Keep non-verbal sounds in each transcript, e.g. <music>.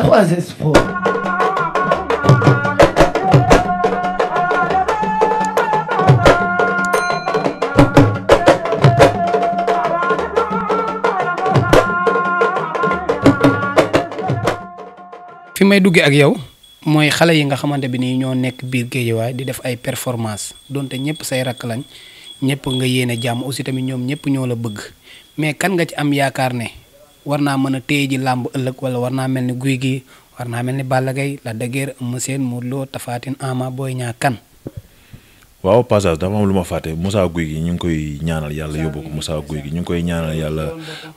3 fi may duggee ak yow mooy xale yi nga xamante bi nii ñoo nekk biir géejawaay di def ay performance donte ñëpp say rakk lañ ñëpp nga yéene jàmm aussi tamit ñoom ñëpp ñoo la bëgg mais kan nga ci am yaakaar ne war naa mën a téye ji làmb ëllëg wala war naa mel ni guy gi war naa mel ni Balla Gaye la dëgër Eumeu Sène Modou Lo Tapha Tine Ama Boy Niang kan. waaw pasal dafa am lu ma fàtte Moussa Guy gi ñu ngi koy ñaanal yàlla yóbbu ko Moussa Guy gi ñu ngi koy ñaanal yàlla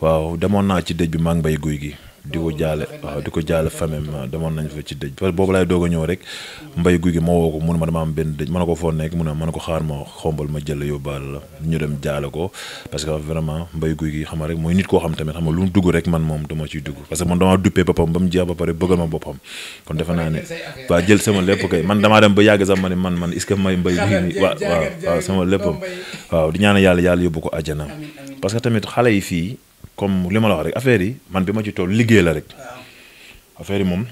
waaw demoon naa ci dëj bi maa ngi bay guy gi. di ko jaale waaw di ko jaale famille a ñëw rek mbay guy gi ma woo ko rek mooy nit koo xam tamit xam lu mu dugg rek man moom dama ciy dugg parce que man dama duppee boppam ba mu jeex ba damaa dem ba yàgg sax ma ne man man est ce que may mbay guy gi waaw waaw waaw sama léppam waaw di ñaan yàlla yàlla yóbbu ko àjjana parce que tamit xale yi fii comme li ma la wax rek affaire yi man bi ma ci toll liggéey la rek. affaire yi moom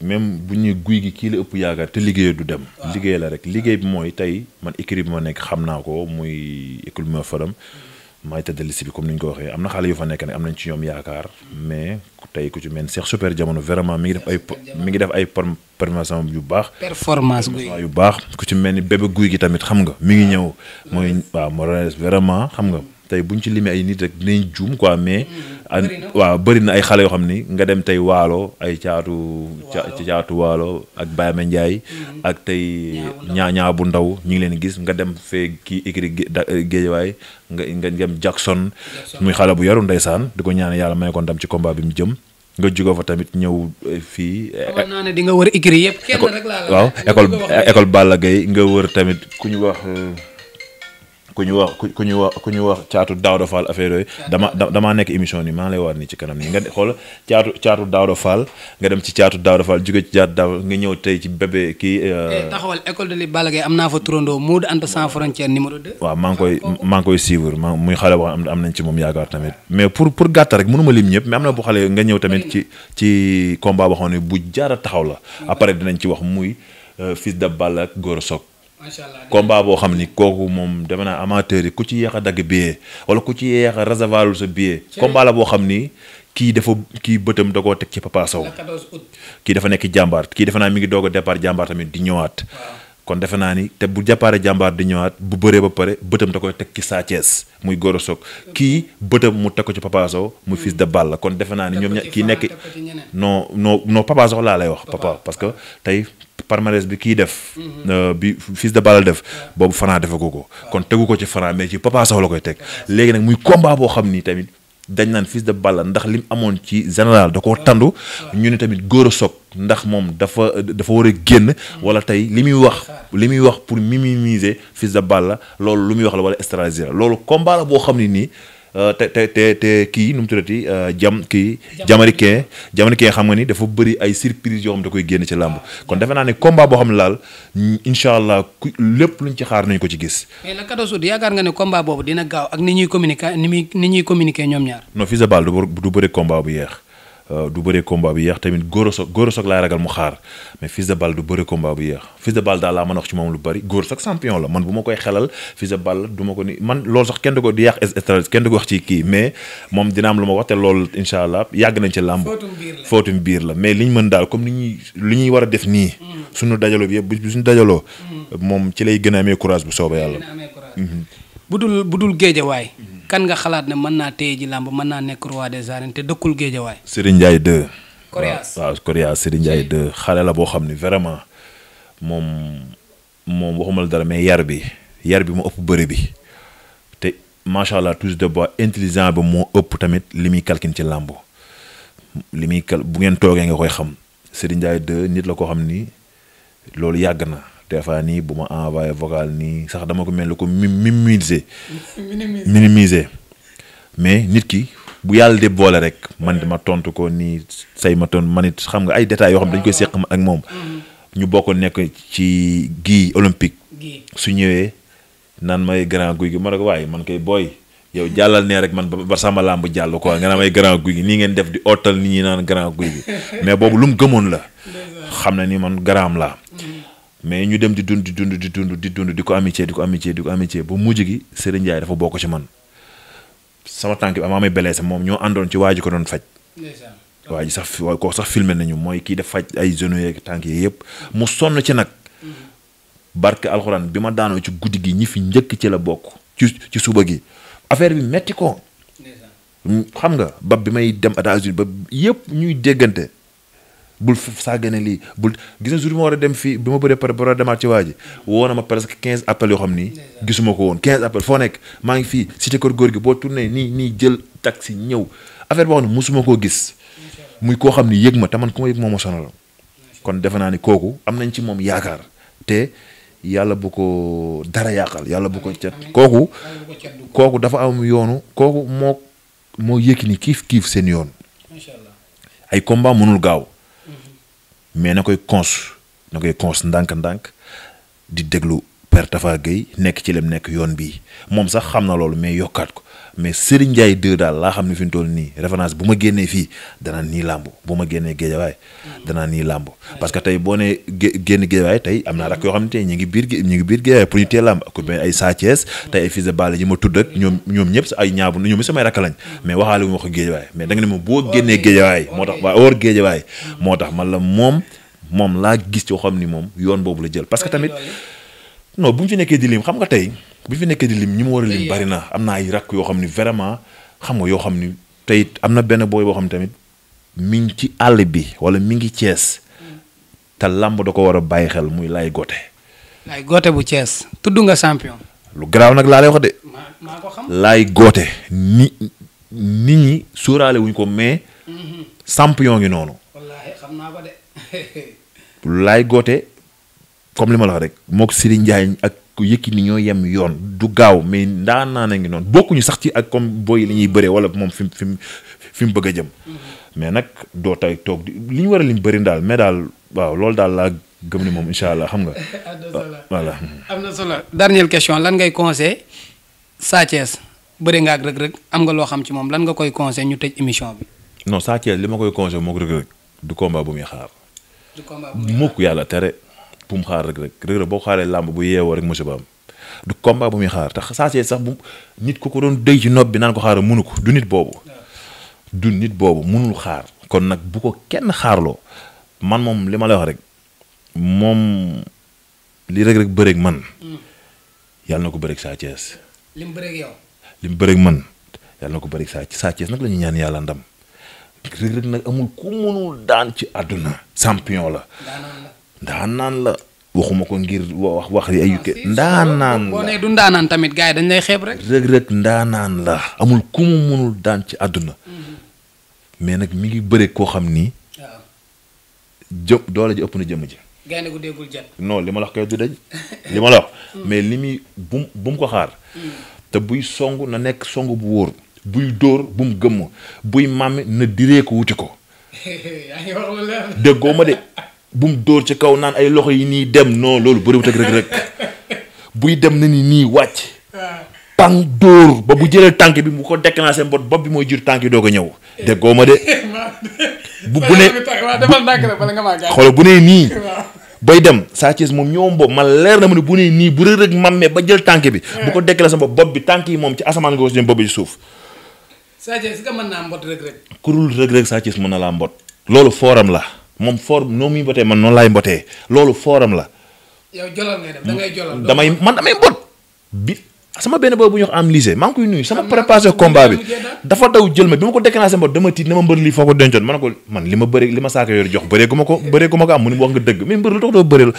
même bu ñuy guy gi kii la ëpp yaakaar te liggéey du dem. liggéey la rek liggéey bi mooy tey man écrit bi ma nekk xam naa ko muy école ma faram. Mm. maay tëddal liste bi comme ni ñu ko waxee am na xale yu fa nekk ne am nañ ci ñoom yaakaar mm. mais tey ku ci mel Cheikh Super Jamono vraiment mi ngi def ay mi ngi def ay performance yu baax. performance yu baax ku ci mel ni bébé guy gi tamit xam nga mi ngi ñëw. mooy waaw moo vraiment xam nga. tey buñ ci limee ay nit rek dinañ juum quoi mais. Mm-hmm. waaw bari na ay xale yoo xam ni nga dem tey waalo ay caatu. ci caatu waalo ak Baye Ndiaye. Mm-hmm. ak tey ñaañaa bu ndaw ñu ngi leen gis nga dem fee kii écrit eh, géejawaay nga nga dem Jackson. muy xale bu yaru ndeysaan di ko ñaan yàlla may ko ndam ci combat bi mu jëm. nga jóge fa tamit ñëw eh, fii. Eh, xam naa di nga wër écrit yëpp. kenn rek laa Balla Gaye nga wër tamit ku ñu wax. Euh, ku ñu wax ku ñu wax ku ñu wax caatu Daouda Fall affaire yooyu dama damaa nekk émission ni maa lay war nii ci kanam nii nga xool caatu caatu Daouda Fall nga dem ci caatu Daouda Fall jóge ci caatu Daouda nga ñëw tey ci bébé kii. Euh, eh, taxawal école de li Balla Gaye am naa fa turandoo Modou Anta sans frontière numéro 2. waaw maa ngi koy maa ngi koy suivre maa muy xale boo xam am nañ ci moom yaakaar tamit mais pour pour gàttal rek mënuma lim ñëpp mais am na bu xale nga ñëw tamit ci ci combat boo xam ne bu jaara taxaw la après dinañ ci wax muy euh, fils de Balla ak Gora Sock combat boo xam ni kooku moom dama naa amateur yi ku ci yeex a dagg billet wala ku ci yeex a réservalul sa billet boo xam ni kii dafa kii bëtam dogoo teg ci Papa Sow kii dafa nekk jàmbaar kii dafa naa mi ngi doog a jàmbaar tamit di ñëwaat kon defe naa ni te bu jàppaare jàmbaar di ñëwaat bu bëree ba pare bëtam da koy teg ci Sa Thiès muy Gora Sock kii bëtam mu teg ko ci Papa Sow muy fils de Balla kon defe naa ni ñoom ña kii nekk noo non non Papa laa lay wax papa parce que tey palmarès bi kii def mhm. euh, bi fils de ball def boobu Franc defagu ko kon tegu ko ci Franc mais ci Papa Sow la koy teg léegi nag muy combat boo xam ni tamit dañ naan fils de Balla ndax lim amoon ci général da koo tandu ñu ne tamit góor a soog ndax moom dafa dafa war a génn mm-hmm. wala tey li muy wax li muy wax pour minimiser fils de Balla loolu lu muy wax la wala stratégie la loolu combat la boo xam ne nii Euh, te te te te kii nu mu tuddati euh, jam kii. Jamaïcain Jamaïcain xam nga ni dafa bëri ay surprise yoo xam da koy génn ci làmb kon defe naa ne combat boo xam ne laal incha allah ku lépp luñ ci xaar nañ ko ci gis. mais la 14 août yaakaar nga ne combat boobu dina gaaw ak ni ñuy communiquer ni muy ni ñuy communiquer ñoom ñaar. no Fils de Balla du bëri combat bu yeex Euh, du bëree combat bi yéex tamit Gora Sock Gora Sock laay ragal mu xaar mais Fils de Balle du bëree combat bi yéex Fils de Balle daal laa mën a wax ci moom lu bari Gora Sock champion la man bu ma koy xelal Fils de du ma ko ni man loolu sax kenn du ko di yàq stratégie kenn du ko wax ci kii mais moom dina am yàgg nañ ci làmb biir la mais liñ mën daal comme ni ñuy li ñuy war a def nii mm. suñu dajaloo bi yëpp bu suñu dajaloo mm. moom ci lay gën a amee courage bu soobee yàlla mm-hmm. bu dul bu dul géejawaay mm-hmm. kan nga xalaat ne mën naa téye ji làmb mën naa nekk roi des arènes te dëkkul géejawaay. Serigne Ndiaye 2. Coriace waaw waaw Coriace Serigne Ndiaye xale la boo xam ne vraiment moom moom waxuma la dara mais yar bi yar bi mu ëpp bëri bi te macha allah tous de bois intelligent ba moo ëpp tamit li muy kalkin ci làmb li muy kal bu ngeen toogee nga koy xam Serigne Ndiaye 2 nit la koo xam ni loolu yàgg na. des fois nii bu ma envoyé vocal nii sax dama ko mel ni ko minimiser. minimiser mais nit ki bu yàlla de boole rek man dama tontu ko nii say ma tontu man it xam nga ay détails yoo xam ne dañ koy seq ak moom. Mm-hmm. ñu bokk nekk ci gii olympique. su ñëwee naan may grand guy gi ma ne ko waaye man koy booy. yow jàllal nee rek man ba sama làmb jàll quoi nga naan ay grand guy gi nii ngeen def di ootal nit ñi naan grand guy gi <laughs> mais boobu lu mu gëmoon la. xam na nii man grand laa. Mm-hmm. mais ñu dem di dund di dund di dund di dund di ko amitié di ko amitié di ko amitié ba mujj gi Serigne Ndiaye dafa bokk ci man sama tànk bi amaa may blessé moom ñoo àndoon ci waa ji ko doon faj. waa ji sax waa kooku sax filmé nañu mooy kii def faj ay genoux yeeg tànk yi yëpp mu sonn ci nag. Mm-hmm. barke alxuraan bi ma daanoo ci guddi gi ñi fi njëkk ci la bokk ci ci suba gi affaire bi metti ko. xam nga ba bi may dem États-Unis ba yëpp ñuy déggante bul sàggane lii bul gis na jour bi ma war a dem fii bi ma bëree pare ba war a demaat ci waa ji woo na ma presque quinze appels yoo xam ni gisuma ko woon quinze appels foo nekk maa ngi fii si kër góor gi boo tourné nii nii jël si ñëw affaire boo xam ne mosuma koo gis muy koo xam ni yëg ma te man ku ma yëg moo ma sonal kon defe naa ni kooku am nañ ci moom yaakaar te yàlla bu ko dara yàqal yàlla bu ko cet kooku kooku dafa am yoonu kooku moo moo yëkki ni kiif kiif seen yoon ay mënul gaaw mais na koy cons na koy cons ndànk-ndànk di déglu père Tafa Gueye nekk ci nekk yoon bii moom sax xam na loolu mais yokkaat ko mais Serigne Ndiaye 2 daal laa xam ne fi mu toll nii référence bu ma génnee fii danaa nii làmb bu ma génnee géejawaay danaa nii làmb parce que tey boo nee génn géejawaay tey am naa rak yoo xam ne tey ñu ngi biir ñu ngi biir géejawaay pour ñu tee làmb ku mel ay Sa Thiès tey ay Fils de Balla yi ma tudd ak ñoom ñoom ñëpp ay ñaabu ñoom samay rakk lañ mais waxaale wu ma ko géejawaay mais da ne ma boo génnee géejawaay moo tax waa moo tax man la moom moom laa gis xam ni moom yoon boobu la jël non bu ñu fi nekkee di lim xam nga tey bu fi nekkee di lim ñi mu war a lim bari na am na ay rakk yoo xam ni vraiment xam nga yoo xam ni tey am na benn booy boo xam tamit mi ngi ci àll bi wala mi ngi Cees hmm. te làmb ko war a bàyyi xel muy Laye Gothé. Laye Gothé bu Cees tudd nga champion. lu garaaw nag laa lay wax de. maa ko xam Laye ni nit ñi sóoraale wuñ ko mais. Mm-hmm. champion ngi noonu. wallaahi xam naa ko <laughs> comme li ma la wax rek mook Serigne Ndiaye ak ku Yékini ñoo yem yoon du gaaw mais ndaanaan a ngi noonu bokkuñu sax ci ak comme booy li ñuy bëree wala moom fi mu fi mu bëgg a jëm. Mm-hmm. mais nag doo tay toog li ñu war a lim bëri daal mais daal waaw loolu daal laa gëm ni moom incha allah xam nga. <laughs> Ah, voilà. am na solo dernière question lan ngay conseil Sa Thiès bëri nga ak Reug Reug am nga loo xam ci moom lan nga koy conseil ñu tëj émission bi. non Sa Thiès li ma koy conseil moog Reug Reug du combat bu bu xaar rek rek boo xaaree làmb bu yeewoo rek musiba am du combat bu muy xaar tax Sa Thiès sax bu nit ku ko doon dëy ci nopp bi naan ko xaaral munu ko du nit boobu du nit boobu munul xaar kon nag bu ko kenn xaarloo man moom li ma la wax rek moom li rek rek bëreeg man yàlla na ko bëreeg Sa Thiès lim bëreeg yow lim bëreeg man yàlla na ko bëreeg Sa Sa nag la ñu ñaan yàlla ndam Reug Reug nag amul ku munul daan ci àdduna champion la naan la waxuma ko ngir wax wax ay ah, ndaanaan du ndaanaan tamit gars dañ lay xeeb rek. Reug Reug ndaanaan la. amul ku mu munul daan ci àdduna. Mm-hmm. mais nag mu ngi bëre koo xam ni. waaw doole ji ëpp na jëmm ji. gaynde gu déggul jën. li ma la wax kay du dañ <laughs> li ma la mm. mais li muy bum bum ko xaar. Mm. te buy song na nekk song bu wóor. buy dóor bum gëmm buy màmmi na diree ko wuti ko. <laughs> déggoo ma de. bum dóor ci kaw naan ay loxo yi nii dem non loolu bëriwut ak rek buy dem na ni nii wàcc tànk ah. dóor ba bu jëlee tànk bi mu ko déclenché mbot bopp bi mooy jur tànk doo ko ñëw déggoo ma de <laughs> bu bu ne xoolo bu nii bay dem Sa Thiès moom ñoom boobu man leer na ma bu ne nii bu rëg-rëg ba jël tànk bi bu ko eh. déclenché bopp bopp bi tànk yi moom ci asamaan nga ko si bopp bi suuf Sa Thiès nga mën naa mbot rëg kurul rëg-rëg Sa Thiès mën na laa mbot loolu fooram la moom for noo muy mbotee man noonu laay mbotee loolu fooram la. yow jolal ngay dem da ngay jolal damay man damay mbot bi sama benn boobu bu ñuy wax am lycée maa ngi koy nuyu sama préparation combat bi dafa daw jël ma bi ma ko déclenché mbot dama tiit na ma mbër lii foo ko dencoon ma ne ko man li ma bëri li ma saako jox bëree gu ko bëree gu ma ko am mu ni wax nga dëgg mais mbër lu tax doo bëree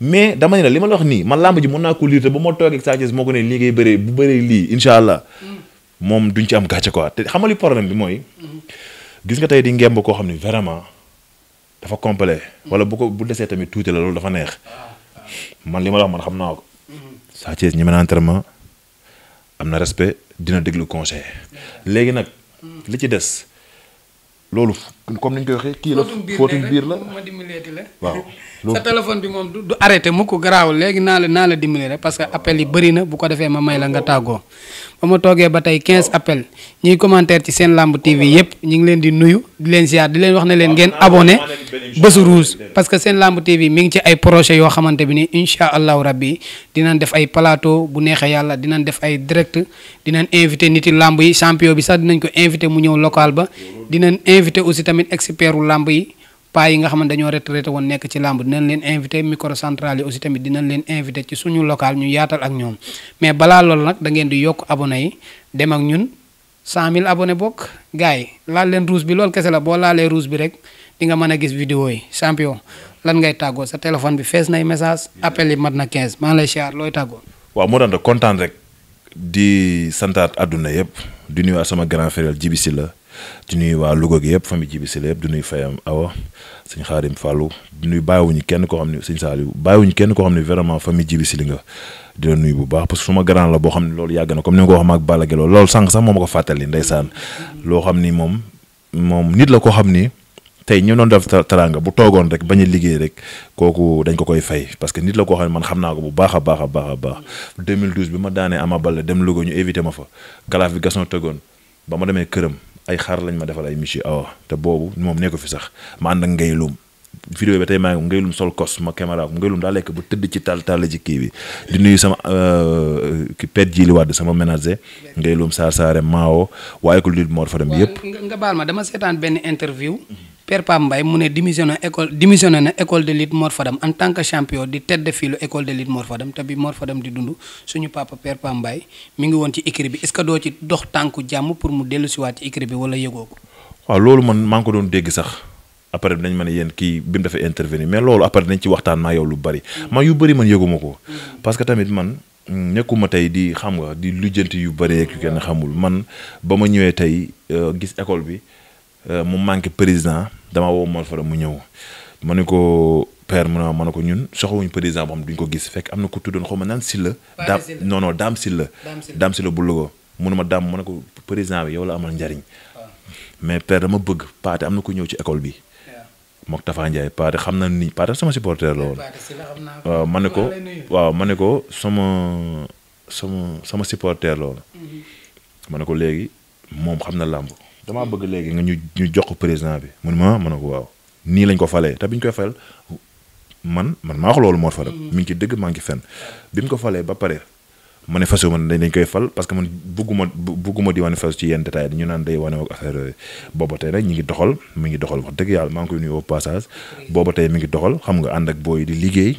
mais dama ne la li ma la wax nii man làmb ji mën naa ko liir te bu ma toogee ak moo ko ne lii ngay bëree bu bëree lii incha allah mm. moom duñ ci am gàcce quoi te xamali problème bi mooy mm. gis nga tey di ngemb koo xam ne vraiment dafa complet wala bu ko bu desee tamit tuuti la loolu dafa neex man li ma la wax xam naa ko. Sa Thiès ñi mën a am na respect dina déglu conseil léegi nag li ci des loolu comme ni ñu koy waxee. kii la fóotum biir la ma la. waaw <laughs> sa téléphone bi moom du arrêté mu ko garaawul léegi naa la naa la dimbali rek parce que appel yi bëri na bu ko defee ma may la nga tàggoo. ba ma toogee ba tey quinze appel ñuy commentaire ci seen lamb TV yëpp ñu ngi leen di nuyu di leen ziar di leen wax ne leen ngeen abonné bésu rouge parce que seen lamb TV mi ngi ci ay projet yoo xamante bi ni incha allahu rabbi dinañ def ay plateau bu neexee yàlla dinañ def ay direct dinañ invité nit yi lamb yi champion bi sax dinañ ko invité mu ñëw locale ba dinañ invité aussi tamit expertu làmb yi. paa yi nga xam ne dañoo retraité woon nekk ci làmb dinañ leen invité microcentral yi aussi tamit dinañ leen invité ci suñu local ñu yaatal ak ñoom mais balaa loolu nag da ngeen di yokk abonné yi dem ak ñun cent 100000 abonné bokk gars yi laal leen rouge bi loolu kese la boo laalee rouge bi rek di nga mën a gis vidéo yi champion lan ngay tàggoo sa téléphone bi fees nay message appel yi mat na 15 maa lay siyaar looy tàggoo. waaw moo tax kontaan rek di santaat àdduna yëpp di nuyu sama grand frère la. di nuy waa Louga gi yëpp famille jibi si la yëpp di nuyu Fayam Awa sëñ Xaarim Fallou di nuyu bàyyiwuñu kenn koo xam ne sëñ Saliou bàyyiwuñu kenn koo xam ne vraiment famille jibi si li nga di la nuyu bu baax parce que suma grand la boo xam ne loolu yàgg na comme ko wax maag Balla Gueye loolu sànq sax moo ma ko fàttali loo xam ni moom moom nit la ko xam ni tey ñu doon def taranga bu toogoon rek bañ liggéey rek kooku dañ ko koy fay parce que nit la koo xam ne man xam naa ko bu baax a baax a baax a baax 2012 bi ma daanee Ama Baldé dem Louga ñu éviter ma fa galaaf bi Gaston tëggoon ba ma demee këram ay xar lañ ma defal ay monsieur awa te boobu moom ne ko fi sax ma ànd ak ngaylum vidéo ba tey maa ngi ngaylum sol kos ma caméra ngaylum daa lekk bu tëdd ci tal tal ci kii bi di nuyu sama euh, ki pet ji li sama ménager ngaylum saar saare maawo waaye ko lid moor fa dem yëpp nga baal ma dama seetaan benn interview Père Pape Mbaye mu ne démissionné école démissionné na école de lutte Mor Fadam en tant que champion di tête de file école de lutte Mor Fadam te bi Mor di dund suñu papa Père Pape Mbaye mi ngi woon ci écrit bi est-ce que doo ci dox tànku jàmm pour mu dellu siwaat ci écrit bi wala yëgoo ko. waaw loolu man maa ko doon dégg sax après dañ ma yéen kii bi mu dafay intervenir mais loolu après dañ ci waxtaan maa yow lu bari. Mm. man yu bari man yëguma ko. Mm. parce que tamit man. Mm, nekkuma tey di xam nga di lijjanti yu bëree ak yu kenn xamul man ba ma ñëwee tey euh, gis école bi euh, mu manqué président dama woo Mor Fadam mu ñëw ma ne ko père mu ne man ne ko ñun soxlawuñu président boo xam duñ ko gis fekk am na ku tuddoon xaw ma naan Sylla daam non non daam Sylla daam Sylla bu Louga mu ma daam ma ne ko président bi yow la amal njariñ ah. mais per dama bëgg paate am na ku ñëw ci école bi mook Tafa Ndiaye paate xam na ni paate sama supporter la woon waaw ma ne ko waaw ma ne ko sama sama sama supporter la woon mm-hmm. ne ko léegi moom xam na làmb damaa bëgg léegi nga ñu ñu jox ko président bi mun ma ma ne ko waaw nii lañ ko falee te biñ koy fal man man maa wax loolu moo fa rek mu mm-hmm. ngi ci dëgg maa ngi fen bi mu ko falee ba pare manifesté man dañ koy fal parce que man bugguma bugguma di manifesté ci yenn détails ñu naan day wane ak affaire yooyu booba tey nag ñi ngi doxal mi ngi doxal wax dëgg yàlla maa ngi koy nuyu au booba tey mi ngi doxal xam nga ànd ak booy di liggéey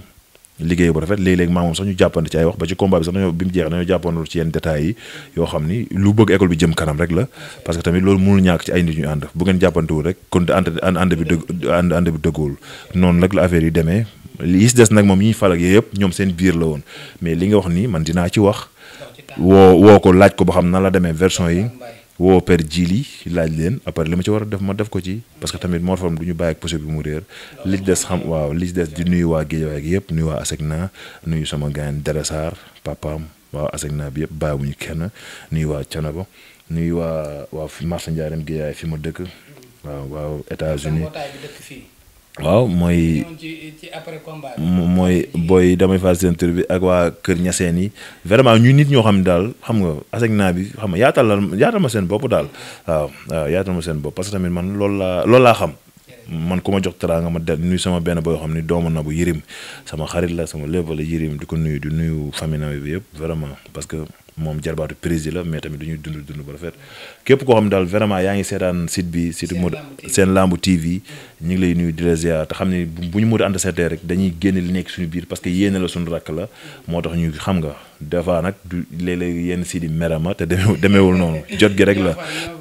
liggéey bu rafet léeg-léeg maa moom sax ñu jàppante ci ay wax ba ci combat bi sax dañoo bi mu jeex dañoo jàppandoo ci yenn détails yi yoo xam ni lu bëgg école bi jëm kanam rek la parce que tamit loolu mënul ñàkk ci ay nit ñu ànd bu ngeen jàppantewul rek kon ànd ànd bi dëgg ànd ànd bi dëggool noonu nag la affaire yi demee li si des nag moom ñi fal ak yooyu yëpp ñoom seen biir la woon mais li nga wax nii man dinaa ci wax woo woo ko laaj ko ba xam nan la demee version yi woo per jili laaj leen après li ma ci war a def ma def ko ci parce que tamit morfam du ñu bàyyi ak poche bi mu réer li ci des xam waaw li des di nuyu waa Géejawaay gi yëpp nuyu waa Asegna nuyu sama gaañ Dara Sarr papaam waaw naa bi yëpp bàyyiwuñu kenn nuy waa Canaba nuyu waa waa Marsa Ndiarème Géejawaay fi ma dëkk waaw waaw États-Unis waaw mooy mooy booy damay far seen tur bi ak waa Kër Ñaseen yi vraiment ñu nit ñoo xam ne daal xam nga aseg naa bi xam nga yaatal la yaatal ma seen bopp daal waaw waaw ma seen bopp parce tamit man loolu laa loolu laa xam man ku ma jox teraanga ma del nuyu sama benn boo xam ni doomu na bu Yirim sama xarit la sama lépp la Yirim di ko nuyu di nuyu famille na bi yëpp vraiment parce que moom jarbaatu président la mais tamit du ñuy dund dund ba rafet képp koo xam ne daal vraiment yaa ngi seetaan site bi site Modou seen lambu TV ñu ngi lay nuyu di la te xam ne bu ñu Modou Anta Seck rek dañuy génne li nekk suñu biir parce que yéene la suñu rakk la moo tax ñu xam nga des fois nag du léeg-léeg yenn si di merama te demeewul demeewul noonu jot gi rek la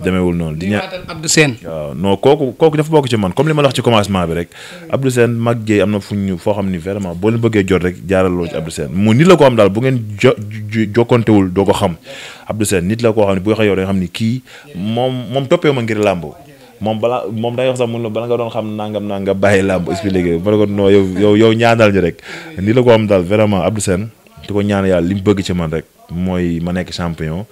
demeewul noonu. di ñaan Abdou seen waaw kooku kooku dafa bokk ci man comme li ma la wax ci commencement bi rek Abdou Sène mag Guèye na fu ñu foo xam ni vraiment boo bëggee jot rek jaaraloo ci Abdou Sène mu nit la ko am daal bu ngeen jo jokkontewul doo ko xam Abdou seen nit la koo xam ne bu waxee yow da nga xam ni kii moom moom toppee ma ngir làmb moom balaa moom day wax sax mun la bala nga doon xam nangam naa nga bàyyi làmb expliqué ma ne ko non yow yow yow ñaanal ñu rek nit la ko am daal vraiment Abdou Sène di ko ñaan yàlla li mu bëgg ci man rek mooy ma nekk champion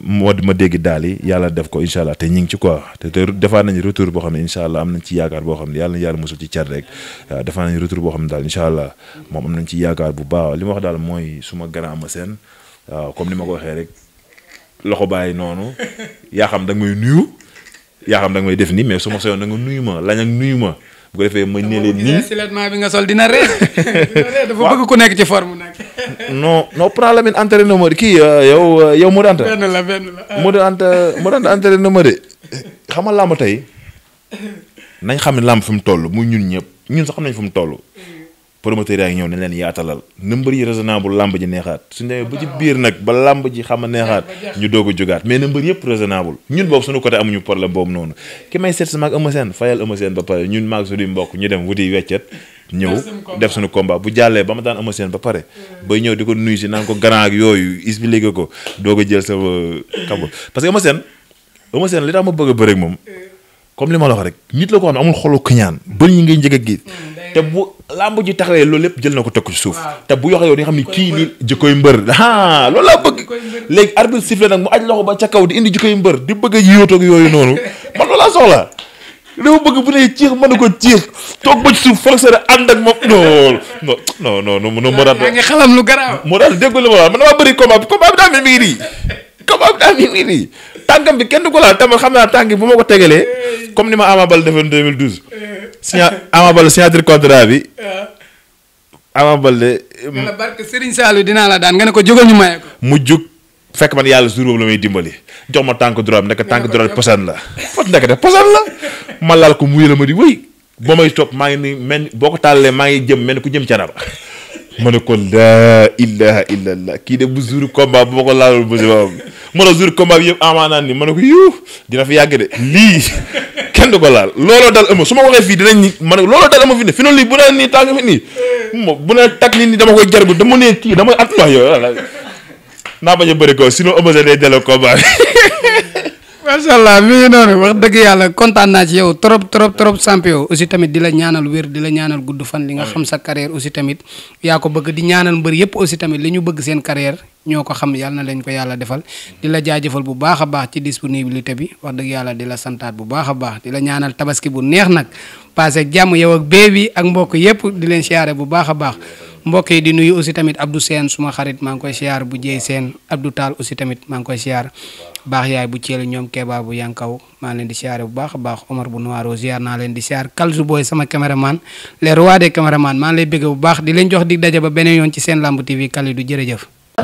moo di ma dégg daal yi yàlla def ko incha allah te ñu ngi ci quoi te te defaat nañu retour boo xam ne incha allah am nañ ci yaakaar boo xam ne yàlla na yàlla mosul ci cat rek waaw boo xam ne daal incha allah moom am yaakaar bu baax li ma wax daal mooy suma grand ama seen waaw comme ni ma ko waxee rek loxo bàyyi noonu <laughs> yaa xam da nga nuyu yaa xam da nga def nii mais su ma sooyoon da nga nuyu ma lañ nuyu ma. bu defee ma ne leen nii siletement bi nga sol <laughs> dina ree dafa bëgg ku nekk ci forme nag. <laughs> non non prend Lamine entraîné kii euh, yow euh, yow Modou Anta. benn la benn la ah. Modou Anta Modou Anta entraîné ma de xam nga làmb tey nañ xam ne làmb fi mu toll muy ñun ñëpp ñun sax xam nañ fi mu toll. promoteurs yaa ngi ñëw ne leen yaatalal nëmbër yi raisonnable làmb ji neexaat su ñëwee ba ci biir nag ba làmb ji xam a neexaat ñu doog a jógaat mais nëmbër yëpp raisonnable ñun boobu suñu côté amuñu problème boobu noonu ki may seet si maag Eumeu Sène fayal Eumeu Sène ba ba ma daan Eumeu Sène ba pare bay ñëw di ko nuyu si naan ko grand ak yooyu expliqué ko doog a jël sa kabul parce que Eumeu Sène Eumeu Sène li tax ma bëgg a bëre ak moom comme li ma la wax rek nit la ko xam ne amul xolu kañaan bëri ngay njëkk gis te bu làmb ji tax loolu lépp jël na ko teg ci suuf. te bu yoxee yow xam ni kii nii jikkoy mbër ah loolu laa bëgg. léegi arbitre siffle nag mu aj loxo ba ca kaw di indi jikkoy mbër di bëgg a yóotoo ak yooyu noonu <laughs> man loolaa soxla. dama bëgg bu ne ciix mën na ko ciix toog ba ci suuf foog sa ànd ak moom non non non moo daal. yaa lu garaaw. moo ma wax bëri combat bi combat bi daa mel mi ngi nii combat bi daa tànkam bi kenn ko laal tamit xam naa tànk bi bu ma ko tegalee comme ni ma Ama signa Ama Baldé signature contrat bi. <laughs> Ama Baldé. nga barke Serigne dinaa la daan nga ne ko jógal ñu mu jug fekk man yàlla jour boobu la may dimbali jox ma tànk droit nekk tànk droit posan la. pot nekk de posan la ma laal ko muy la ma di wéy boo may topp maa ngi ni mel boo ko tàllalee maa ngi jëm mel ni ku jëm ca ba <laughs> ne ko laa ilaha illallah kii de bu jour combat bu ma ko laalul ba si ma ma ne jour combat bi yëpp amaanaan ni ma ko yuuf dina fi yàgg de lii. kenn du ko laal looloo dal ëmb su ma waxee fii dinañ ni man looloo dal ëmb fi ne fi noonu lii bu nee nii tàng fi nii bu nee tag nii dama koy jar bu dama nee kii dama at wax yow naa bañ a bëri ko sinon ëmb sa day delloo combat <laughs> macha allah mi ngi noonu wax dëgg yàlla kontaan naa ci yow trop trop trop champion aussi tamit di la ñaanal wér di la ñaanal gudd fan li nga xam sa carrière aussi tamit yaa ko bëgg di ñaanal mbër yëpp aussi tamit li ñu bëgg seen carrière ñoo ko xam yàlla na leen ko yàlla defal di la jaajëfal bu baax a baax ci disponibilité bi wax dëgg yàlla di la santaat bu baax a baax di la ñaanal tabaski bu neex nag passé jàmm yow ak bébé bi ak mbokk yëpp di leen siyaare bu baax a baax mbokk yi di nuyu aussi tamit Abdou Seen suma xarit maa ngi koy siyaar bu jeey seen Abdou Tall aussi tamit maa ngi koy siyaar baax yaay bu Thiel ñoom Keba bu Yankaw maa leen di siyaare bu baax a baax Omar bu Noiro siyaar naa leen di siyaar Kalzu Boy sama caméraman les rois des caméramans maa leen bëgg bu baax di leen jox di daje ba beneen yoon ci seen lamb TV Kalidou jërëjëf.